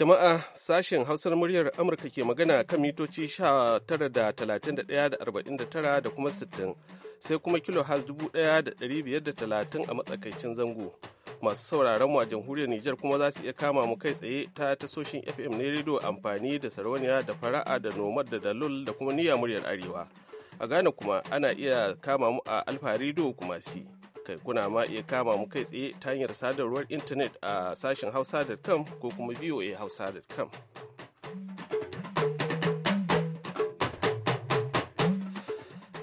Jama'a sashen Hausar muryar Amurka ke magana kan mitoci 19.31.49 da kuma 60 sai kuma kilo has 1,530 a matsakaicin zango. Masu sauraron mu a jamhuriyar Nijar kuma za su iya kama mu kai tsaye ta tasoshin FM ne rediyo amfani da sarauniya da fara'a da nomad da dalol da kuma niyya muryar Arewa. A Ghana kuma ana iya kama mu a Alfa Radio kuma si. kai kuna ma iya kama mu kai tsaye ta hanyar sadarwar intanet a sashen hausa.com ko kuma voa hausa.com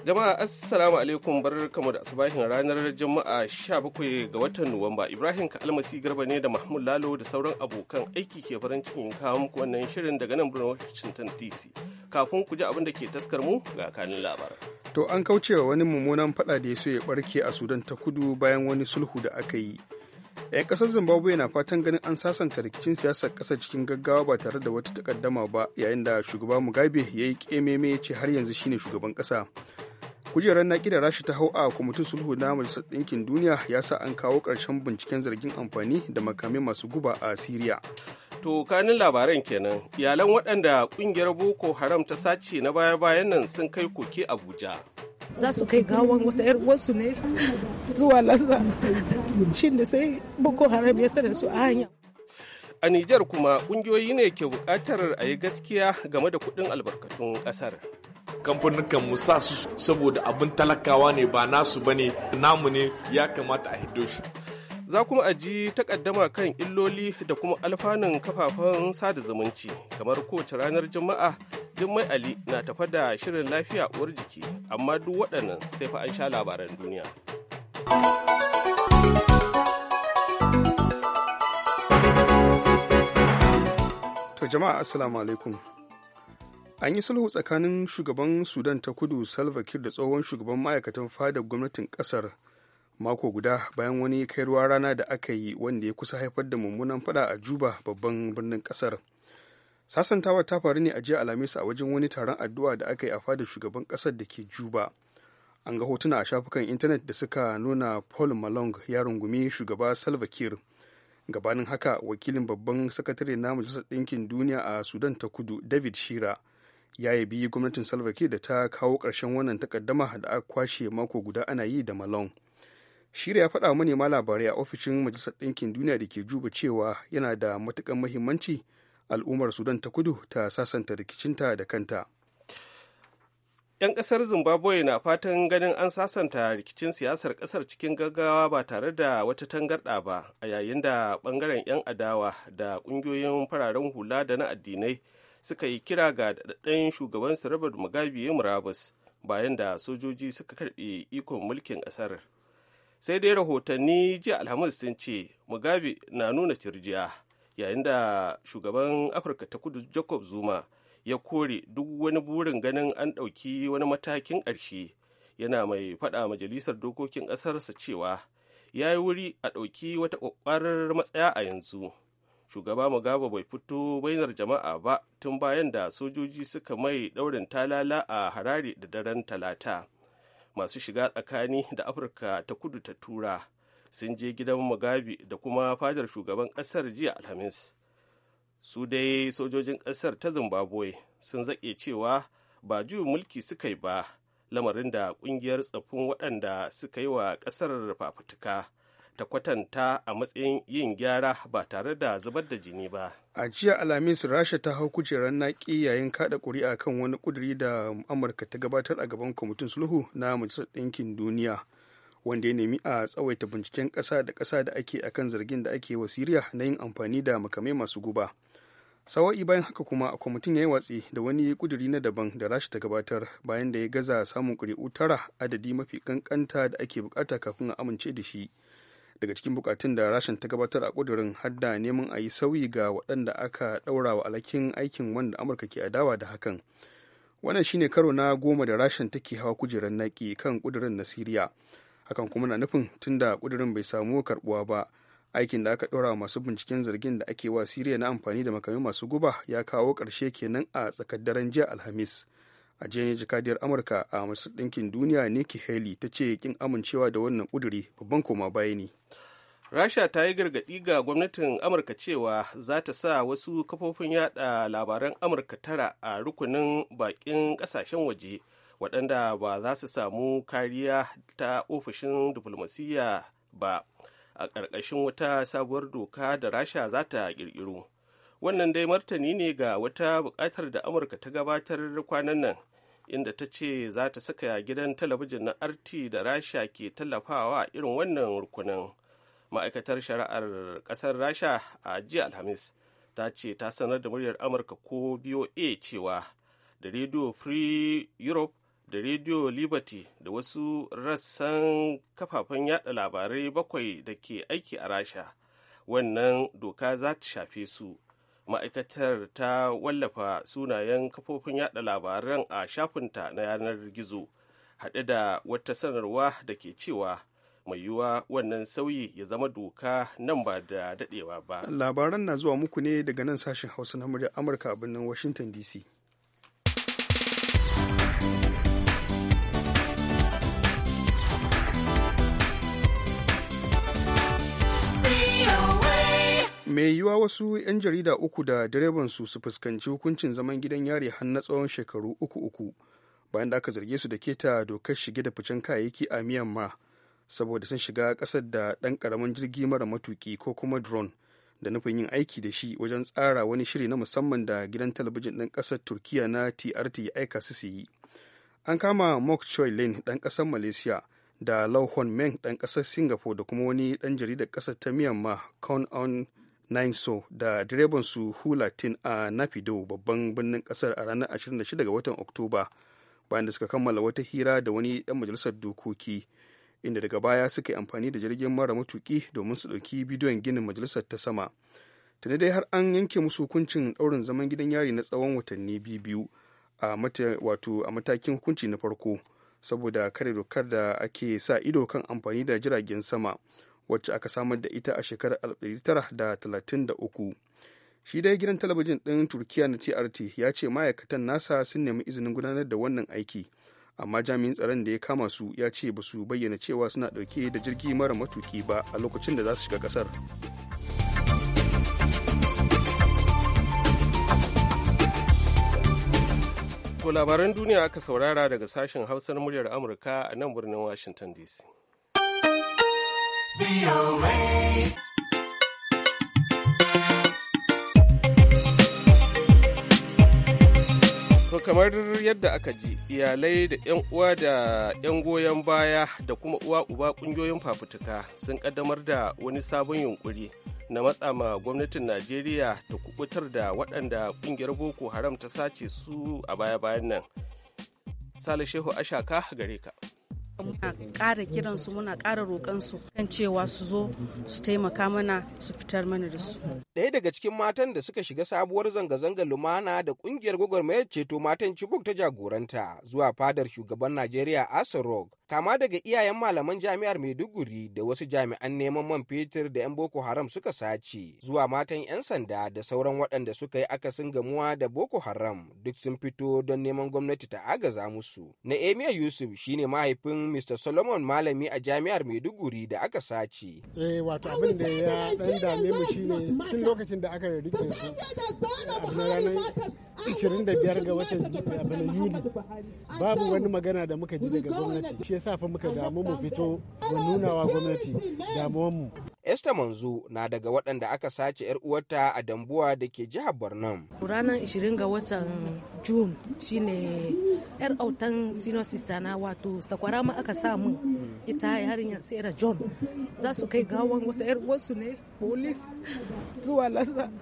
Jama'a Assalamu alaikum bar kamu da asubahin ranar Juma'a 17 ga watan Nuwamba. Ibrahim Kalmasi Garba ne da Mahmud Lalo da sauran abokan aiki ke farin cikin kawo muku wannan shirin daga nan birnin Washington DC. Kafin ku ji abin da ke taskar mu ga kanin labar. To an kaucewa wani mummunan fada da ya so ya barke a Sudan ta kudu bayan wani sulhu da aka yi. 'yan kasar zimbabwe na fatan ganin an sasanta rikicin siyasar kasa cikin gaggawa ba tare da wata takaddama ba yayin da shugaba mugabe ya yi kememe ya ce har yanzu shine shugaban kasa kujerar naki da rashi ta hau a kwamitin sulhu na majalisar ɗinkin duniya ya sa an kawo ƙarshen binciken zargin amfani da makamai masu guba a siriya to kanin labaran kenan iyalan waɗanda ƙungiyar boko haram ta sace na baya-bayan nan sun kai koke abuja za su kai gawan wata 'yar wasu ne zuwa lasa shin da sai boko haram ya tare su a hanya a nijar kuma ƙungiyoyi ne ke buƙatar a yi gaskiya game da kuɗin albarkatun ƙasar kamfanin mu sa su saboda abin talakawa ne ba nasu bane namu ne ya kamata a hiddo shi za kuma a ji takaddama kan illoli da kuma alfanun kafafen sada zumunci kamar kowace ranar juma'a jummai ali na tafa da shirin lafiya uwar jiki amma duk waɗannan sai fa an sha labaran duniya to jama'a assalamu alaikum an yi sulhu tsakanin shugaban sudan ta kudu salva kiir da tsohon shugaban ma'aikatan fada gwamnatin kasar mako guda bayan wani kai ruwa rana da aka yi wanda ya kusa haifar da mummunan fada a juba babban birnin kasar sasantawa ta faru ne a jiya alhamis a wajen wani taron addu'a da aka yi a fadar shugaban kasar da ke juba an ga hotuna a shafukan intanet da suka nuna paul malong ya rungumi shugaba salva kiir gabanin haka wakilin babban sakatare na majalisar ɗinkin duniya a sudan ta kudu david shira ya yi biyu gwamnatin salva kiir da ta kawo ƙarshen wannan takaddama da aka kwashe mako guda ana yi da malon shirya ya faɗa manema labarai a ofishin majalisar ɗinkin duniya da ke juba cewa yana da matukan mahimmanci al'ummar sudan ta kudu ta sasanta rikicinta da kanta 'yan kasar zimbabwe na fatan ganin an sasanta rikicin siyasar kasar cikin gaggawa ba tare da wata tangarɗa ba a yayin da ɓangaren 'yan adawa da ƙungiyoyin fararen hula da na addinai suka yi kira ga daɗaɗɗen shugaban Robert Mugabe ya murabus bayan da sojoji suka karɓe ikon mulkin ƙasar. Sai dai rahotanni jiya Alhamis sun ce Mugabe na nuna cirjiya yayin da shugaban Afirka ta kudu Jacob Zuma ya kore duk wani burin ganin an ɗauki wani matakin ƙarshe yana mai faɗa majalisar dokokin ƙasarsa cewa ya yi wuri a ɗauki wata ƙwaƙwarar matsaya a yanzu. shugaba mugabe bai fito bainar jama'a ba tun bayan da sojoji suka mai daurin talala a harare da daren talata masu shiga tsakani da afirka ta kudu ta tura sun je gidan mugabe da kuma fadar shugaban kasar jiya alhamis su dai sojojin kasar ta zimbabwe sun zaƙe cewa ba juyin mulki suka yi ba lamarin da ƙungiyar tsaffin waɗanda suka yi wa ƙasar fafutuka ta kwatanta a matsayin yin gyara ba tare da zubar da jini ba. A jiya Alhamis Rasha ta hau kujerar naki yayin kada kuri'a kan wani ƙuduri da Amurka ta gabatar a gaban kwamitin sulhu na Majalisar Ɗinkin Duniya wanda ya nemi a tsawaita binciken ƙasa da ƙasa da ake akan zargin da ake wa na yin amfani da makamai masu guba. Sawa'i bayan haka kuma a kwamitin ya yi watsi da wani ƙuduri na daban da Rasha ta gabatar bayan da ya gaza samun ƙuri'u tara adadi mafi ƙanƙanta da ake bukata kafin a amince da shi. daga cikin bukatun da rashin ta gabatar a kudurin hadda neman a yi sauyi ga waɗanda aka ɗaura wa alakin aikin wanda amurka ke adawa da hakan wannan shine karo na goma da rashin take hawa kujerar naki kan kudurin na siriya hakan kuma na nufin tunda kudurin bai samu karbuwa ba aikin da aka ɗora masu binciken zargin da ake wa siriya na amfani da makamai masu guba ya kawo ƙarshe kenan a tsakar daren jiya alhamis a jini jakadiyar amurka a masu ɗinkin duniya nikki heli ta ce kin amincewa da wannan kuduri babban koma baya ne rasha ta yi gargaɗi ga gwamnatin amurka cewa za ta sa wasu kafofin yada labaran amurka tara a rukunin bakin ƙasashen waje waɗanda ba za su samu kariya ta ofishin diflomasiyya ba a ƙarƙashin wata sabuwar doka da rasha za ta ƙirƙiro wannan dai martani ne ga wata bukatar da amurka ta gabatar kwanan nan inda ta ce za ta saka gidan talabijin na rt da rasha ke tallafawa irin wannan rukunin ma'aikatar shari'ar kasar rasha a jiya alhamis ta ce ta sanar da muryar amurka ko boa cewa da radio free europe da radio liberty da wasu rassan kafafen yada labarai bakwai da ke aiki a rasha wannan doka za ta shafe su ma'aikatar ta wallafa sunayen kafofin yada labaran a shafinta na yanar gizo haɗe da wata sanarwa da ke cewa mai yiwuwa wannan sauyi ya zama doka nan ba da daɗewa ba labaran na zuwa muku ne daga nan sashen hausa na murya amurka a birnin washington dc mai yiwuwa wasu 'yan jarida uku da direban su su fuskanci hukuncin zaman gidan yari har na tsawon shekaru uku uku bayan da aka zarge su da keta dokar shige da ficen kayayyaki a miyamma saboda sun shiga ƙasar da ɗan karamin jirgi mara matuki ko kuma drone da nufin yin aiki da shi wajen tsara wani shiri na musamman da gidan talabijin ɗin ƙasar turkiya na trt ya aika su su yi an kama mok choi lin ɗan ƙasar malaysia da lau hon meng ɗan ƙasar singapore da kuma wani ɗan jaridar ƙasar ta myanmar kon on Nainso da direban su hula tin a Nafido babban birnin kasar a ranar 26 ga watan Oktoba bayan da suka kammala wata hira da wani dan majalisar dokoki inda daga baya suka yi amfani da jirgin mara matuki domin su ɗauki bidiyon ginin majalisar ta sama. Tuni dai har an yanke musu hukuncin ɗaurin zaman gidan yari na tsawon watanni biyu a wato a matakin hukunci na farko saboda kare dokar da ake sa ido kan amfani da jiragen sama. wacce aka samar da ita a shekarar 1933 shi dai gidan talabijin ɗin turkiya na trt ya ce ma'aikatan nasa sun nemi izinin gudanar da wannan aiki amma jami'in tsaron da ya kama su ya ce ba su bayyana cewa suna ɗauke da jirgi mara matuki ba a lokacin da za su shiga ƙasar labaran duniya aka saurara daga sashen hausar muryar Amurka a nan birnin Washington DC. kamar yadda aka ji iyalai da 'yan uwa da 'yan goyon baya da kuma uwa uba kungiyoyin fafutuka sun kaddamar da wani sabon yunkuri na matsa ma gwamnatin Najeriya ta kubutar da waɗanda kungiyar Boko Haram ta sace su a baya-bayan nan. Sale Shehu Ashaka gare ka. muna ƙara kiransu muna kara ƙara su kan cewa su zo su taimaka mana su fitar mana da su. Ɗaya daga cikin matan da suka shiga sabuwar zanga-zangar lumana da ƙungiyar gwagwarmayar ceto matan Chibok ta jagoranta zuwa fadar shugaban Najeriya Asa Rock kama daga iyayen malaman jami'ar Maiduguri da wasu jami'an neman man fetur da 'yan Boko Haram suka sace zuwa matan 'yan sanda da sauran waɗanda suka yi akasin gamuwa da Boko Haram duk sun fito don neman gwamnati ta agaza musu. Na Yusuf shine mahaifin ɗan Mr. Solomon malami a jami'ar Maiduguri da aka sace. Eh wato abin da ya ɗan dame mu shine tun lokacin da aka rike su a ranar 25 ga watan Yuli babu wani magana da muka ji daga gwamnati shi yasa fa muka damu mu fito mu wa gwamnati damuwan mu. Esther Manzo na daga waɗanda aka sace 'yar uwarta a Dambuwa da ke jihar Borno. Ranar 20 ga watan June shine 'yar autan senior sister na wato sakwara ma aka sa mun ita yarinyar Sarah John za su kai gawan wata 'yar uwarsu ne polis zuwa lasa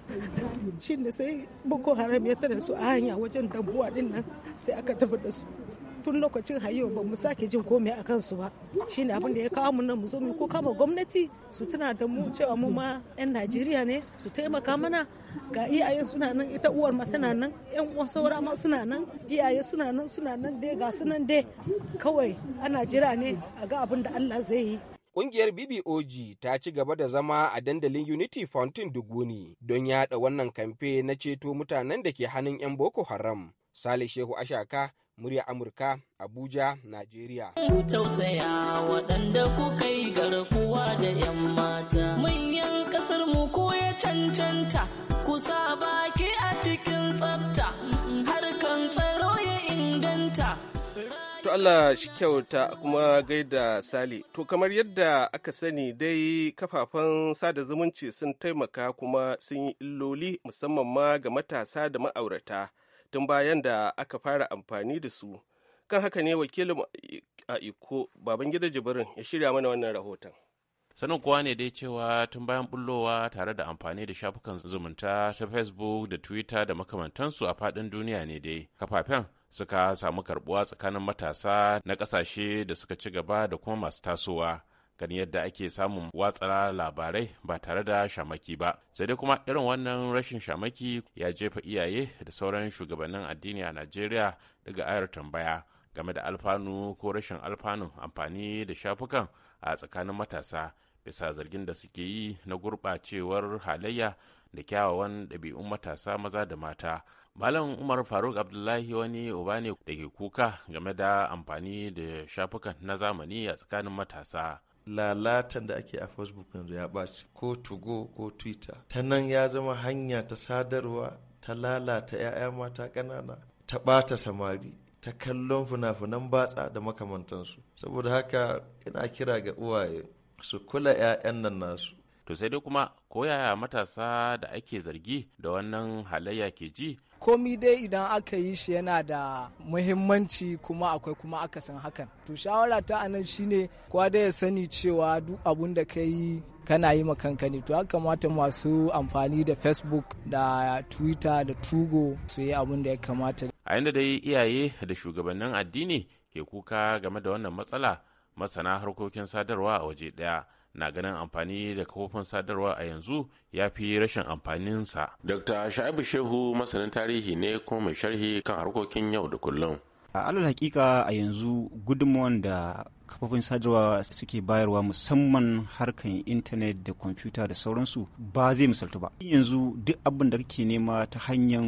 shine sai Boko Haram ya tare su a hanya wajen Dambuwa din sai aka tafi da su. tun lokacin hayo ba mu sake jin komai a kansu ba shi abin da ya kawo mu nan mu zo mu ko kama gwamnati su tuna da mu cewa mu ma yan Najeriya ne su taimaka mana ga iyayen suna nan ita uwar ma tana nan yan uwa saura ma suna nan iyaye suna nan suna nan dai ga su nan dai kawai ana jira ne a ga abin da Allah zai yi kungiyar BBOG ta ci gaba da zama a dandalin Unity Fountain Duguni don yada wannan kamfe na ceto mutanen da ke hannun 'yan Boko Haram. Sale Shehu Ashaka murya Amurka, Abuja, Najeriya. Ku tausaya waɗanda kukai garkuwa da 'yan mata. Manyan ƙasar mu ko ya cancanta, ku sa baki a cikin tsafta, harkan tsaro ya inganta. To Allah shi kyauta kuma gaida Sali. To kamar yadda aka sani dai kafafen sada zumunci sun taimaka kuma sun yi illoli musamman ma ga matasa da ma'aurata. tun bayan da aka fara amfani da su kan haka ne wakilin a iko babangida jibirin ya shirya mana wannan rahoton sanin kowa ne dai cewa tun bayan bullowa tare da amfani da shafukan zumunta ta facebook da twitter da makamantansu a faɗin duniya ne dai kafafen suka samu karbuwa tsakanin matasa na ƙasashe da suka ci gaba da kuma masu tasowa gani yadda ake samun watsara labarai ba tare da shamaki ba sai dai kuma irin wannan rashin shamaki ya jefa iyaye da sauran shugabannin addini a najeriya daga ayar tambaya game da alfanu ko rashin alfanu amfani da shafukan a tsakanin matasa bisa zargin da suke yi na gurɓacewar halayya da kyawawan ɗabi'un matasa maza da mata malam umar faruk abdullahi wani uba ne da ke kuka game da amfani da shafukan na zamani a tsakanin matasa lalatan da ake a facebook yanzu ya ɓaci ko tugo ko twitter ta nan ya zama hanya ta sadarwa ta lalata 'ya'ya mata ƙanana ta ɓata samari ta kallon fina-finan batsa da makamantansu saboda haka ina kira ga uwaye su kula 'ya'yan nan nasu to sai dai kuma ko yaya matasa da ake zargi da wannan halayya ke ji komi dai idan aka yi shi yana da muhimmanci kuma akwai kuma akasin hakan to shawara ta anan shine kowa da ya sani cewa duk abun da ka yi kana yi ma ne to haka kamata masu amfani da facebook da twitter da tugo su yi abun da ya kamata a yadda dai iyaye da shugabannin addini ke kuka game da wannan matsala masana harkokin sadarwa a waje daya. na ganin amfani da kafofin sadarwa a yanzu ya fi rashin amfaninsa. Dr. Shaibu Shehu masanin tarihi ne kuma mai sharhi kan harkokin yau da kullum. A alal hakika a yanzu gudunmuwan da kafofin sadarwa suke bayarwa musamman harkan intanet da kwamfuta da sauransu ba zai misaltu ba yanzu duk abin da kake nema ta hanyar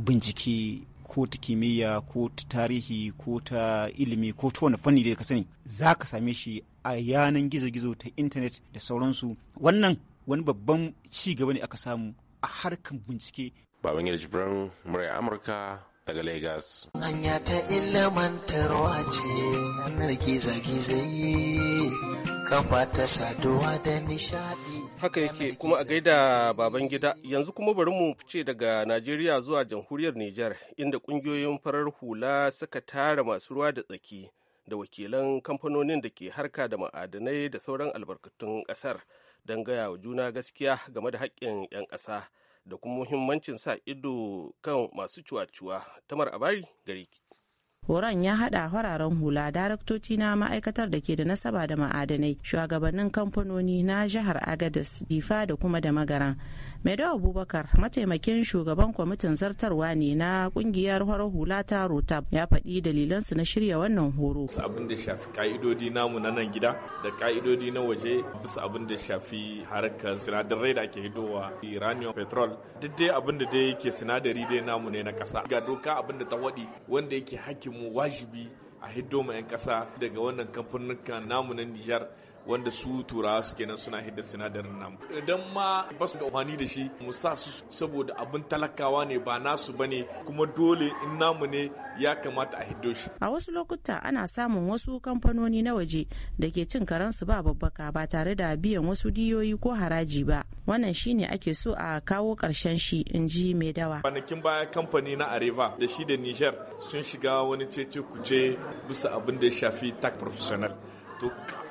bincike ko ta kimiyya ko ta tarihi ko ta ilimi ko ta wani fanni da ka sani za ka same shi a yanan gizo-gizo ta intanet da sauransu wannan wani babban ci gaba ne aka samu a harkar bincike baban gida jibrin murya amurka daga lagos hanya ta ilmantarwa ce yanar gizo-gizo kafa ta saduwa da nishadi haka yake kuma a gaida baban gida yanzu kuma bari mu fice daga najeriya zuwa jamhuriyar niger inda kungiyoyin farar hula suka tara masu ruwa da tsaki da wakilan kamfanonin da ke harka da ma'adanai da sauran albarkatun kasar don gaya wa juna gaskiya game da haƙƙin 'yan ƙasa da kuma muhimmancin sa ido kan masu cuwa-cuwa tamar abari gari horon ya hada fararen hula daraktoci na ma'aikatar da ke da nasaba da ma'adanai shugabannin kamfanoni na jihar agadez difa da kuma da magaran maido abubakar mataimakin shugaban kwamitin zartarwa ne na kungiyar farar hula ta rotab ya faɗi dalilansu na shirya wannan horo abin da shafi ka'idodi namu na nan gida da ka'idodi na waje bisa abin da shafi harkar sinadarai da ake hidowa iranian petrol duk dai abin da dai ke sinadari dai namu ne na ƙasa ga doka abin da ta waɗi wanda yake haƙƙi. mu wajibi a hiddo ma 'yan ƙasa daga wannan kamfanin namu na Nijar wanda su turawa su kenan suna hidda sinadarin namu idan ma ba su amfani da shi mu sa su saboda abin talakawa ne ba nasu bane kuma dole in namu ne ya kamata a hiddo shi a wasu lokuta ana samun wasu kamfanoni na waje da ke cin karansu ba babbaka ba tare da biyan wasu diyoyi ko haraji ba wannan shine ake so a kawo karshen shi in ji mai dawa kwanakin baya kamfani na areva da shi da niger sun shiga wani cece kuce bisa abin da ya shafi tak professional to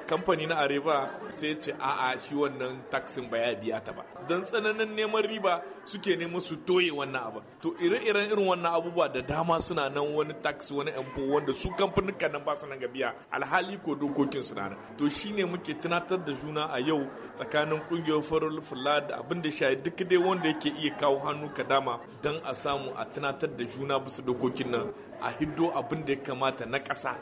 kamfani na areva sai ce a'a shi wannan taksin ba ya biya ta ba don tsananin neman riba suke neman su toye wannan abu to ire-iren irin wannan abubuwa da dama suna nan wani taksi wani empo wanda su kamfanuka nan ba su nan biya alhali ko dokokin su nan to shine muke tunatar da juna a yau tsakanin ƙungiyar farar fula da abin da shayi duk dai wanda yake iya kawo hannu ka dama don a samu a tunatar da juna bisa dokokin nan a hiddo abin da ya kamata na ƙasa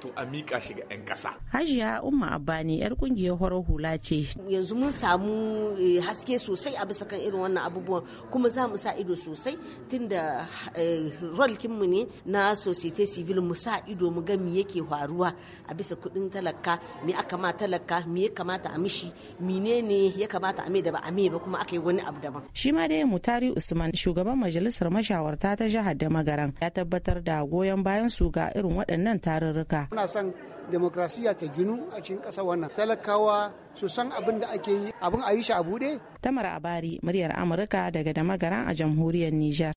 to a miƙa shi ga 'yan ƙasa. Hajiya Umma ne 'yar kungiyar horar hula ce. Yanzu mun samu eh, haske sosai a bisa kan irin wannan abubuwan kuma za mu sa ido sosai tunda eh, rolkinmu ne na societe civil mu sa ido mu ga me yake faruwa a bisa kuɗin talaka me aka ma talaka me ya kamata a mishi menene ya kamata a mai da ba a mai ba kuma aka yi wani abu daban. Shi ma dai Mutari Usman shugaban majalisar mashawarta ta jihar da magaran ya tabbatar da goyon bayan su ga irin waɗannan tarurruka Muna son demokrasiya ta ginu a cikin ƙasar wannan talakawa su san abin da ake yi abin a yi shi a buɗe. Tamar Abari muryar Amurka daga Damagaran a jamhuriyar Nijar.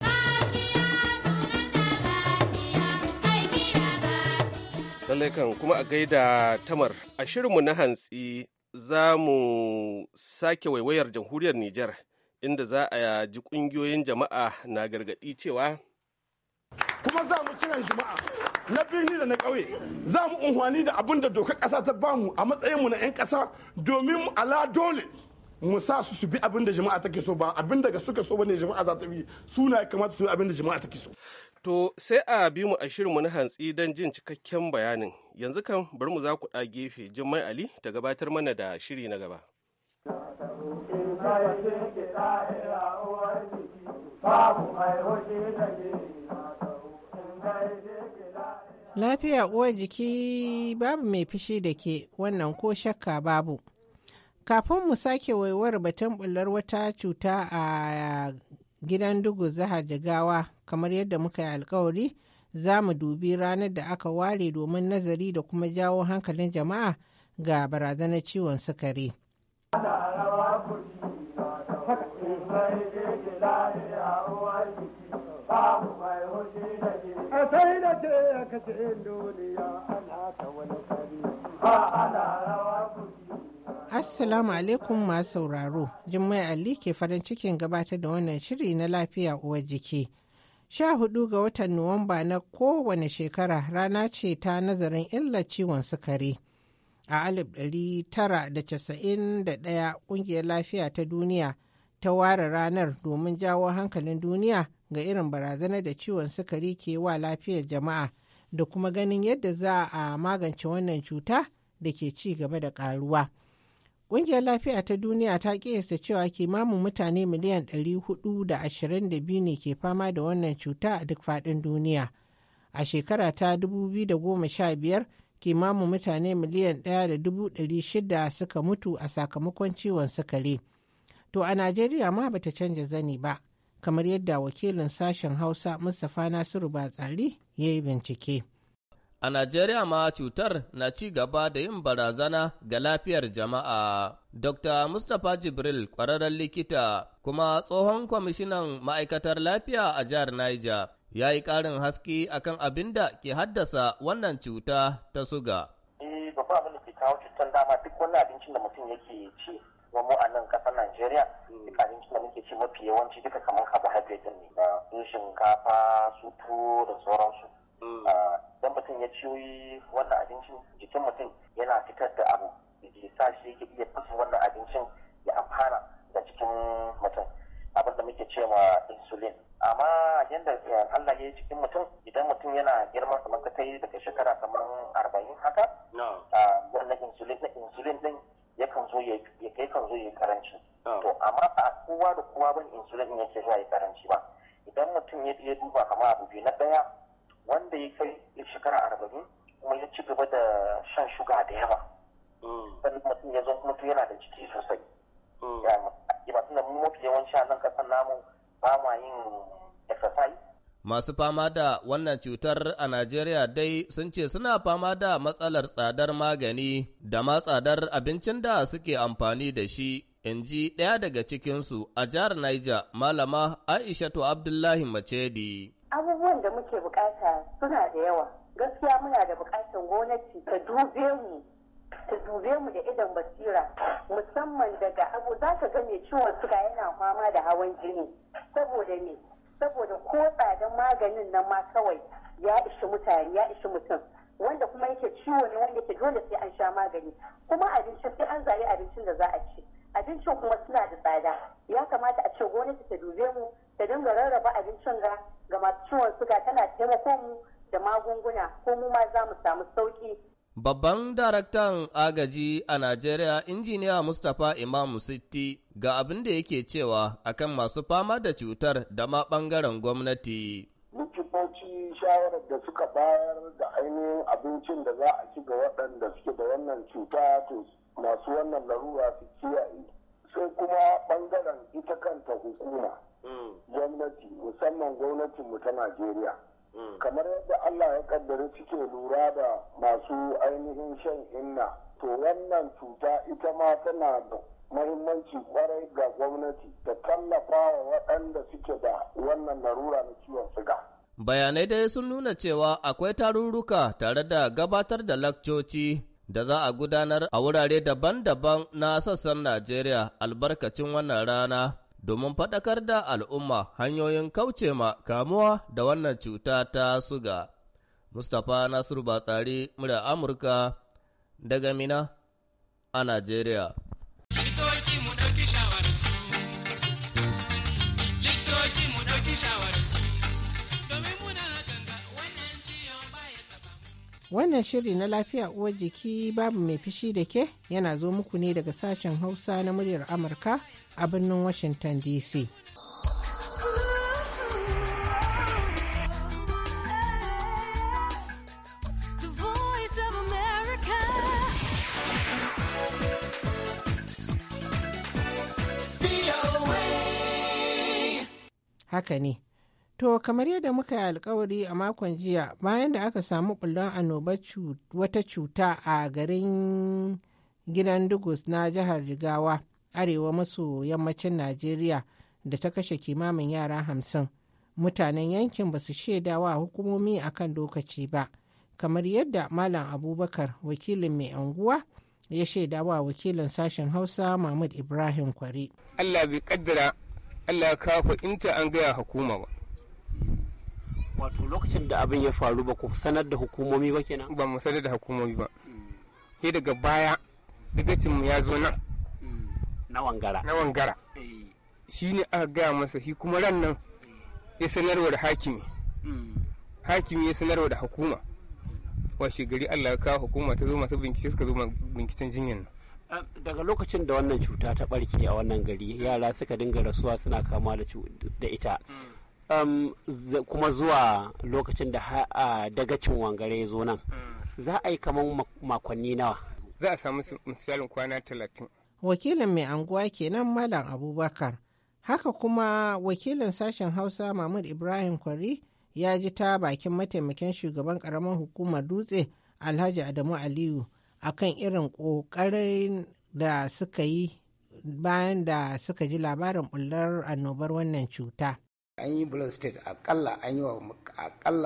Lallai kan kuma a gaida tamar a shirinmu na hantsi za mu sake waiwayar jamhuriyar Nijar inda za a ji ƙungiyoyin jama'a na gargaɗi cewa. Kuma za mu kiran jama'a na birni da na ƙauye za mu unhwani da abin da dokar ƙasa ta bamu a matsayinmu na 'yan ƙasa domin ala dole mu sa su su bi abin da jama'a take so ba abin da suka so bane jama'a za ta bi suna ya kamata su bi abin da jama'a take so to sai a bi mu a mu na hantsi don jin cikakken bayanin yanzu kan bari mu za ku ɗa gefe jummai ali ta gabatar mana da shiri na gaba babu Lafiya uwar jiki babu mai fishi da ke wannan ko shakka babu. Kafin mu sake waiwar batun bullar wata cuta a gidan dugu Zaha Jigawa kamar yadda muka yi alkawari za mu dubi ranar da aka ware domin nazari da kuma jawo hankalin jama'a ga barazanar ciwon sukari. ce ka ce duniya ana ta wani kari ba ana rawa Assalamu alaikum masu sauraro, Jummai Ali ke farin cikin gabatar da wannan shiri na lafiya uwar jiki. Sha hudu ga watan Nuwamba na kowane shekara rana ce ta nazarin illar ciwon sukari. A alif ɗari tara da da casa'in ɗaya, ƙungiyar lafiya ta duniya ta ware ranar domin jawo hankalin duniya ga irin barazanar da ciwon sukari ke wa lafiyar jama'a da kuma ganin yadda za a magance wannan cuta da ke ci gaba da karuwa. Ƙungiyar lafiya ta duniya ta kiyasta cewa kimamin mutane miliyan 422 ne ke fama da wannan cuta a duk faɗin duniya. A shekara ta 2015 kimamin mutane miliyan 1,600 suka mutu a sakamakon ciwon sukari. To a Najeriya ma bata canja zani ba. kamar yadda wakilin sashen hausa mustapha nasiru batsari ya yi bincike a najeriya ma cutar na ci gaba da yin barazana ga lafiyar jama'a dr mustapha jibril kwararren likita kuma tsohon kwamishinan ma'aikatar lafiya a jihar niger ya yi ƙarin haske akan abin da ke haddasa wannan cuta ta suga. Eh, babban abin da ke kawo cutar dama duk wani abincin da mutum yake ci kuma mu a nan kasar Najeriya hmm. duk abincin da muke ci mafi yawanci duka kamar carbohydrate ne na ah. su shinkafa su tuwo da sauransu hmm. ah, idan mutum ya ci wannan abincin jikin mutum yana fitar da abu da sa shi yake iya fasa wannan abincin ya amfana da cikin mutum abin da muke cewa insulin amma yadda eh, Allah ya yi cikin mutum idan mutum yana girma kamar ka ta yi daga shekara kamar arba'in haka ah, wannan insulin din yakan zo ya kan zo ya karanci ah. to amma ba kowa da kowa ban insulin ya ke zuwa ya karanci ba idan mutum ya ya duba kama abu biyu na ɗaya wanda ya kai shekara arba'in kuma ya ci gaba da shan shuga da yawa hmm. sannan mutum ya zo mutum yana da jiki sosai hmm. ya mutum da mafi yawanci a nan kasan namu ba ma yin exercise Masu fama da wannan cutar a Najeriya dai sun ce suna fama da matsalar tsadar magani da ma tsadar abincin da suke amfani da shi, in ji ɗaya daga cikinsu a jihar Niger, Malama Aishatu Abdullahi Macedi. Abubuwan da muke bukata suna da yawa. Gaskiya muna da bukatan gwamnati ta dube mu ta dube mu da idan basira musamman daga abu za ka ga ciwon suga yana fama da hawan jini saboda me saboda ko tsadan maganin nan ma kawai ya ishi mutane ya ishi mutum wanda kuma yake ciwo ne wanda yake dole sai an sha magani kuma abinci sai an zayi abincin da za a ci abincin kuma suna da tsada ya kamata a ce gwamnati ta dube mu ta dinga rarraba abincin ga ga masu ciwon suga tana taimako mu da magunguna ko mu ma za mu samu sauki Babban daraktan agaji a Najeriya, injiniya Mustapha Imam Sitti, ga abin da yake cewa akan masu fama da cutar da ma ɓangaren gwamnati. Likitoci shawarar da suka bayar da ainihin abincin da za a ci ga waɗanda suke da wannan cuta to masu wannan larura su kiyaye. Sai kuma ɓangaren ita kanta hukuma, mm. gwamnati, musamman gwamnatinmu ta Najeriya. Mm. kamar yadda Allah ya kaddara cike lura da masu ainihin shan inna to wannan cuta ita ma tana da mahimmanci kwarai ga gwamnati da tallafa wa waɗanda suke da wannan larura na ciwon siga. Bayanai dai sun nuna cewa akwai tarurruka tare da gabatar da lakcoci da za a gudanar a wurare daban-daban na sassan Najeriya albarkacin wannan rana. domin faɗakar da al'umma hanyoyin kauce ma kamuwa da wannan cuta ta suga. Mustapha Nasiru Batsari, mura Amurka, daga Mina a Najeriya. Wannan shiri na lafiya uwar jiki babu mai fishi da ke yana zo muku ne daga sashen Hausa na muryar Amurka. a birnin Washington DC. Haka ne. To kamar yadda muka yi alkawari a makon jiya bayan da aka samu bullon annoba wata cuta a garin gidan Dugus na jihar Jigawa arewa maso yammacin najeriya da ta kashe kimamin yara hamsin mutanen yankin ba su shaida wa hukumomi akan lokaci ba kamar yadda malam abubakar wakilin mai anguwa ya shaida wa wakilin sashen hausa mahmud ibrahim kwari allah bai kaddara allah kafa inta an gaya hukuma ba wato lokacin da abin ya faru ba ku sanar da hukumomi ba kenan ba mu sanar da hukumomi ba sai daga baya dagacin ya zo nan na wangara na wangara eh. shi ne aka gaya masa shi kuma ran nan ya sanarwa da hakimi hmm. hakimi ya sanarwa da hukuma wa gari allah ka kawo hukuma ta zo masu bincike suka zo binciken jinyar nan daga lokacin da wannan cuta ta barke a wannan gari yara suka dinga rasuwa suna kama da ita hmm. kuma zuwa lokacin da dagacin wangare ya zo nan hmm. za a yi kamar makonni nawa za a samu misalin kwana talatin wakilin mai anguwa kenan malam abubakar haka kuma wakilin sashen hausa mahmud ibrahim kwari ya ji ta bakin mataimakin shugaban karamar hukumar dutse alhaji adamu aliyu akan irin kokarin da suka yi bayan da suka ji labarin bullar annobar wannan cuta an yi blood state akalla an yi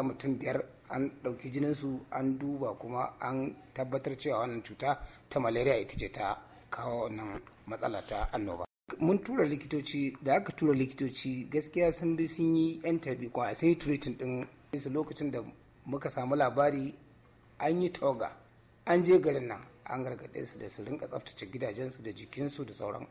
mutum biyar an ɗauki jininsu an duba kuma an tabbatar cewa wannan cuta ta malaria ita ce ta kawo wannan matsala ta annoba mun tura likitoci da aka tura likitoci gaskiya sun bi sun yi yan tabi kwa sun yi turitin din su lokacin da muka samu labari an yi toga an je garin nan an gargaɗe su da su rinka tsaftace gidajensu da jikinsu da sauran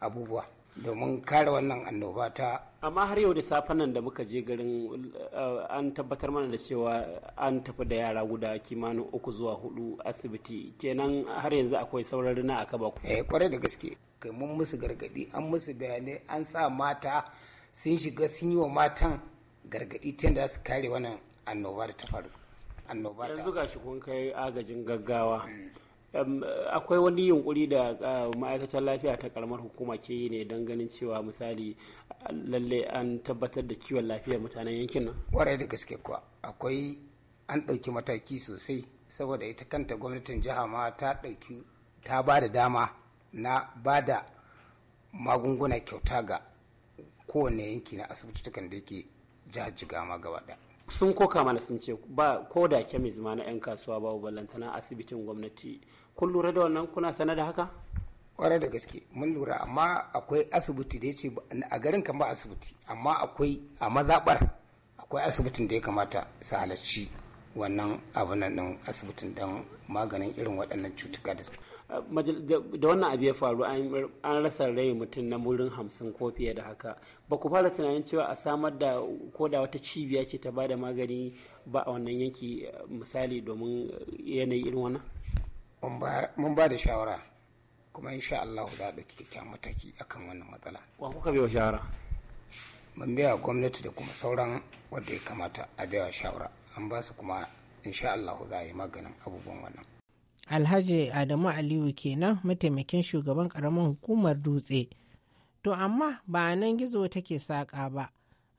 abubuwa domin kare wannan annoba ta amma har yau da safen nan da muka je garin eh, an tabbatar mana da cewa an tafi da yara guda kimanin uku zuwa hudu asibiti kenan har yanzu akwai sauran rina a kaba eh kwarai da gaske kai mun musu gargadi an musu bayanai an sa mata sun shiga sun yi wa matan gargadi ta yadda su kare wannan annoba da ta faru annoba ta yanzu gashi kun kai agajin gaggawa mm. akwai wani yunkuri da ma'aikatar lafiya ta karamar hukuma ke yi ne don ganin cewa misali lalle an tabbatar da kiwon lafiyar mutanen yankin nan warai da gaske kuwa akwai an ɗauki mataki sosai saboda ita kanta gwamnatin jiha ma ta ɗauki ta ba da dama na ba da magunguna kyauta ga kowane yanki na asibitocin da yake jihar jigama gaba sun koka mana sun ce ba ko da kemis ma na 'yan kasuwa babu ballantana asibitin gwamnati kun lura da wannan kuna sana da haka ƙwarar da gaske mun lura amma akwai asibiti da ya ce a garin kan ba asibiti amma akwai a mazaɓar akwai asibitin da ya kamata su halarci wannan abu nan asibitin don maganin irin waɗannan cutuka da eh, da wannan abu ya faru an rasa rai mutum na murin hamsin ko fiye da haka ba ku fara tunanin cewa a samar da ko da wata cibiya ce ta bada magani ba a wannan yanki eh, misali domin eh, yanayi irin wannan mun ba da shawara kuma insha Allah za a ɗauki kyakkyawan mataki akan wannan matsala. Wa kuka biya shawara? Mun biya gwamnati da kuma sauran wanda ya kamata a biya shawara an ba su kuma insha Allah za a yi maganin abubuwan wannan. Alhaji Adamu Aliyu kenan mataimakin shugaban ƙaramin hukumar dutse. To amma ba a nan gizo take saƙa ba.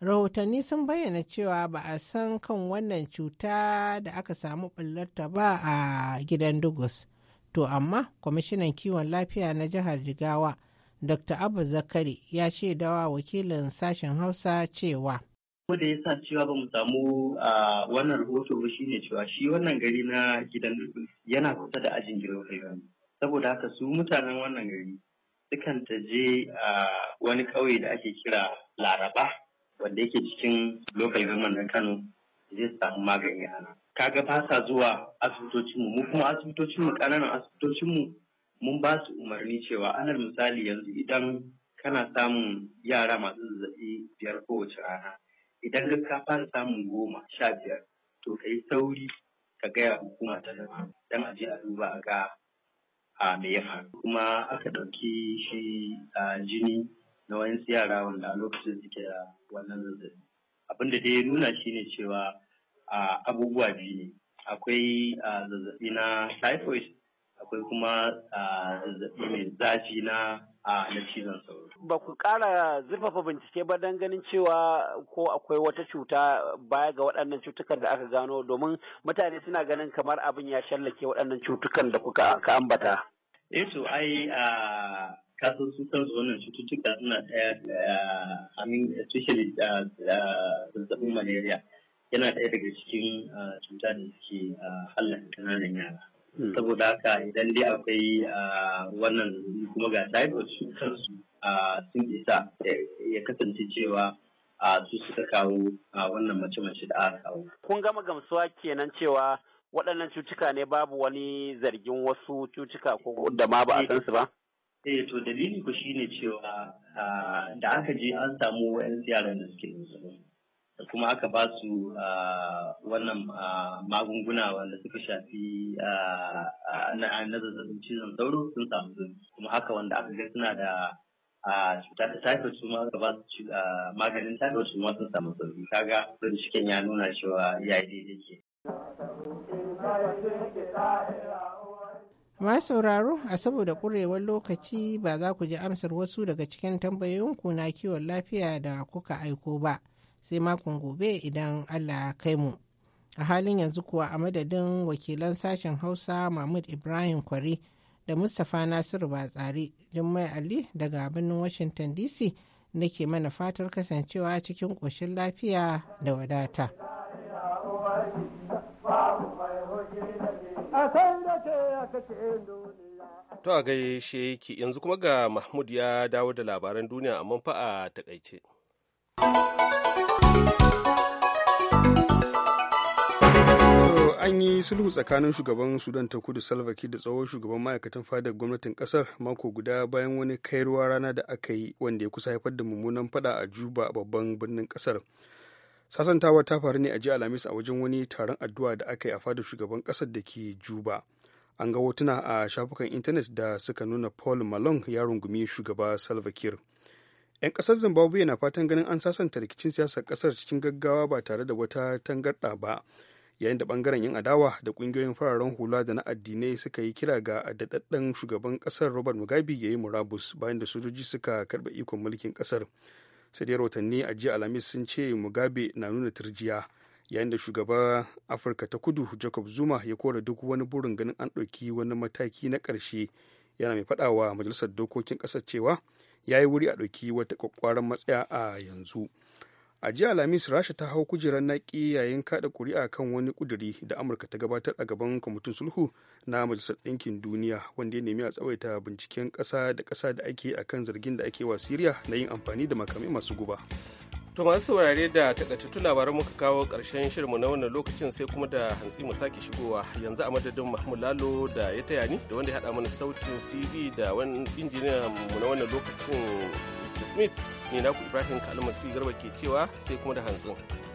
rahotanni sun bayyana cewa ba a san kan wannan cuta da aka samu ɓullarta ba a gidan dugus To amma kwamishinan kiwon lafiya na jihar Jigawa Dr. Abba Zakari ya ce dawa wakilin sashen Hausa cewa. da ya sa cewa ba mu samu a wannan rahoto ba ne cewa shi wannan gari na gidan yana kusa da ajin gidan saboda haka su mutanen wannan gari sukan ta je a wani ƙauye da ake kira laraba wanda yake cikin local government na kano zai samu magani a nan kaga ba sa zuwa asibitocinmu mu kuma asibitocinmu ƙananan asibitocinmu mun ba su umarni cewa anar misali yanzu idan kana samun yara masu zazzaɓi biyar kowace rana idan ka fara samun goma sha biyar to ka yi sauri ka gaya hukuma ta zama don a je a duba a ga a me ya faru kuma aka ɗauki shi a jini na wayansu yara wanda a lokacin suke da wannan zazzaɓi abin da dai nuna shine cewa abubuwa biyu ne akwai zazzabi na typhoid akwai kuma zazzabi mai zafi na na cizon sauro. Ba ku ƙara zurfafa bincike ba don ganin cewa ko akwai wata cuta baya ga waɗannan cutukan da aka gano domin mutane suna ganin kamar abin ya shallake waɗannan cutukan da kuka ka ambata. Eto eh ai a kasan su kansu wannan cututtuka suna ɗaya a mean especially zazzabin malaria. yana ɗaya daga cikin ah, cuta da suke ah, hallar ƙananan yara. Hmm. Saboda haka idan dai akwai ah, wannan kuma ga typhoid kansu sun isa ya kasance cewa su suka kawo wannan mace-mace da aka kawo. Kun gama gamsuwa kenan cewa waɗannan cutuka ne babu wani zargin wasu cutuka ko da ma ba a san ba? Eh to dalili ku shine cewa da aka je an samu wa'yan yaran da suke da da kuma aka ba su ah, wannan ah, magunguna wanda suka shafi ah, na zazzabin cizon sauro sun samu zuwa kuma haka wanda aka ga suna da cuta ta typhoid su ma aka ba su maganin typhoid su ma sun samu sauki kaga sun cikin ya nuna cewa ya yi daidai ke. Ma sauraro a saboda kurewar lokaci ba za ku ji amsar wasu daga cikin tambayoyinku na kiwon lafiya da kuka aiko ba. sai makon gobe idan allah ya kai mu a halin yanzu kuwa a madadin wakilan sashen hausa mahmud ibrahim kwari da mustapha nasiru batsari jummai ali daga birnin washington dc nake mana fatar kasancewa cikin ƙoshin lafiya da wadata To a gaishe yanzu kuma ga Mahmud ya dawo da labaran duniya amma fa a takaice. an yi sulhu tsakanin shugaban sudan ta kudu salva kiir da tsohon shugaban ma'aikatan fadar gwamnatin kasar mako guda bayan wani kayarwa rana da aka yi wanda ya kusa haifar da mummunan fada a juba babban birnin kasar sasantawa ta faru ne a ji alhamis a wajen wani taron addu'a da aka yi a fadar shugaban kasar da ke juba an ga hotuna a shafukan intanet da suka nuna paul malong ya rungumi shugaba salva kiir 'yan kasar zimbabwe na fatan ganin an sasanta rikicin siyasar kasar cikin gaggawa ba tare da wata tangarɗa ba yayin da bangaren yan adawa da kungiyoyin fararen hula da na addinai suka yi kira ga daɗaɗɗen shugaban ƙasar robert mugabe ya yi murabus bayan da sojoji suka karɓa ikon mulkin ƙasar sai dai rahotanni a jiya alhamis sun ce mugabe na nuna turjiya yayin da shugaban afirka ta kudu jacob zuma ya kora duk wani burin ganin an ɗauki wani mataki na ƙarshe yana mai faɗawa majalisar dokokin ƙasar cewa ya yi wuri a ɗauki wata ƙwaƙƙwaran matsaya a yanzu a jiya alhamis rasha ta hau kujerar naki yayin kada kuri'a kan wani kuduri da amurka ta gabatar a gaban kwamitin sulhu na majalisar ɗinkin duniya wanda ya nemi a tsawaita binciken ƙasa da ƙasa da ake a kan zargin da ake wa siriya na yin amfani da makamai masu guba to masu saurare da takaitattun labaran muka kawo karshen shirinmu na wannan lokacin sai kuma da hantsi mu sake shigowa yanzu a madadin mahmud lalo da ya taya ni da wanda ya haɗa mana sautin cd da wani injiniyan mu na wannan lokacin da smith ne naku ibrahim kalmasi garba ke cewa sai kuma da hantsin.